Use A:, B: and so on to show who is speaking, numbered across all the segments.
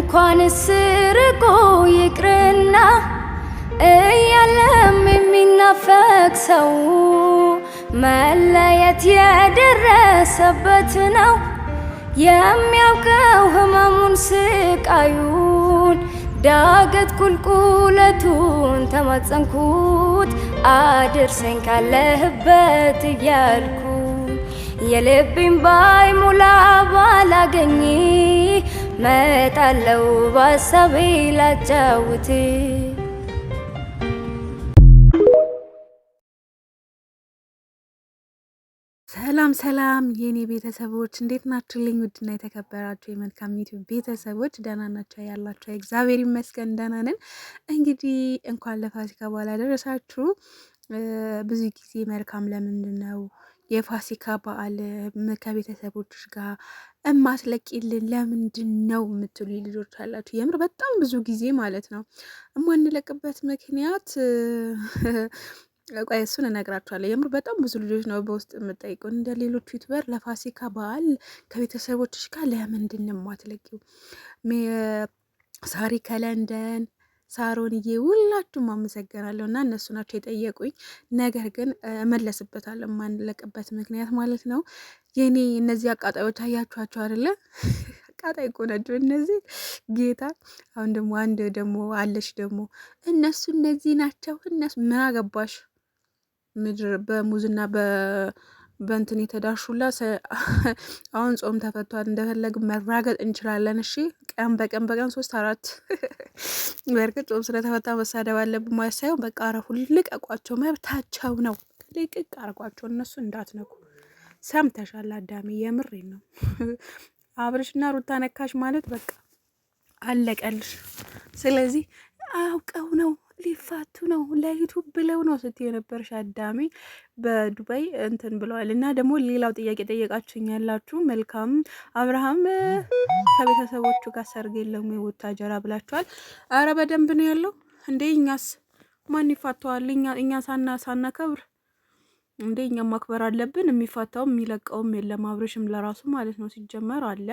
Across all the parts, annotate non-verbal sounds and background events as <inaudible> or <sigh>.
A: እንኳን ስርቆ ይቅርና እያለም የሚናፈቅ ሰው መለየት የደረሰበት ነው የሚያውቀው ህመሙን ስቃዩን ዳገት ቁልቁለቱን ተማጸንኩት አድርሰኝ ካለህበት እያልኩ የልቤን ሙላ ባላገኝ መጣለው ባሳቤ ላጫውት
B: ሰላም ሰላም የኔ ቤተሰቦች እንዴት ናችሁልኝ? ውድና የተከበራችሁ የመልካም ዩቲዩብ ቤተሰቦች ደህና ናቸው ያላቸው እግዚአብሔር ይመስገን ደህና ነን። እንግዲህ እንኳን ለፋሲካ በኋላ ደረሳችሁ። ብዙ ጊዜ መልካም ለምንድን ነው የፋሲካ በዓል ከቤተሰቦች ጋር እማትለቂልን ለምንድን ነው የምትሉ ልጆች አላችሁ። የምር በጣም ብዙ ጊዜ ማለት ነው እማንለቅበት ምክንያት ቆይ እሱን እነግራችኋለሁ። የምር በጣም ብዙ ልጆች ነው በውስጥ የምጠይቀው እንደ ሌሎቹ ዩቱበር ለፋሲካ በዓል ከቤተሰቦች ጋር ለምንድን ነው የማትለቂው? ሳሪ ከለንደን ሳሮንዬ ሁላችሁም አመሰግናለሁ እና እነሱ ናቸው የጠየቁኝ። ነገር ግን እመለስበታለሁ የማንለቅበት ምክንያት ማለት ነው። የኔ እነዚህ አቃጣዮች አያችኋቸው አይደለ? <laughs> አቃጣይ እኮ ናቸው እነዚህ ጌታ። አሁን ደግሞ አንድ ደግሞ አለች ደግሞ እነሱ እነዚህ ናቸው እነሱ ምን አገባሽ ምድር በሙዝና በ በእንትን የተዳሹላ <laughs> አሁን ጾም ተፈቷል፣ እንደፈለግ መራገጥ እንችላለን። እሺ ቀን በቀን በቀን ሶስት አራት <laughs> በእርግጥ ጾም ስለተፈታ መሳደብ አለብን ማለት ሳይሆን በቃ አረፉ፣ ልቀቋቸው፣ መብታቸው ነው። ልቅቅ አርጓቸው፣ እነሱ እንዳትነኩ። ሰምተሻል አዳሚ? የምሬ ነው። <laughs> አብርሽና ሩታ ነካሽ ማለት በቃ አለቀልሽ። ስለዚህ አውቀው ነው ሊፋቱ ነው ለይቱ ብለው ነው ስትይ የነበረሽ አዳሜ በዱባይ እንትን ብለዋል። እና ደግሞ ሌላው ጥያቄ ጠየቃችሁኝ ያላችሁ መልካም አብርሃም ከቤተሰቦቹ ጋር ሰርግ የለም ጀራ ብላችኋል። አረ በደንብ ነው ያለው እንዴ። እኛስ ማን ይፋተዋል? እኛ ሳና ሳናከብር እንዴ እኛም ማክበር አለብን። የሚፈታውም የሚለቀውም የለም። አብርሽም ለራሱ ማለት ነው ሲጀመር አለ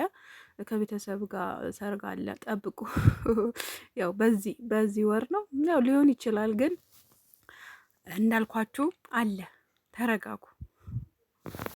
B: ከቤተሰብ ጋር ሰርግ አለ፣ ጠብቁ። <laughs> ያው በዚህ በዚህ ወር ነው ያው ሊሆን ይችላል። ግን እንዳልኳችሁ አለ፣ ተረጋጉ።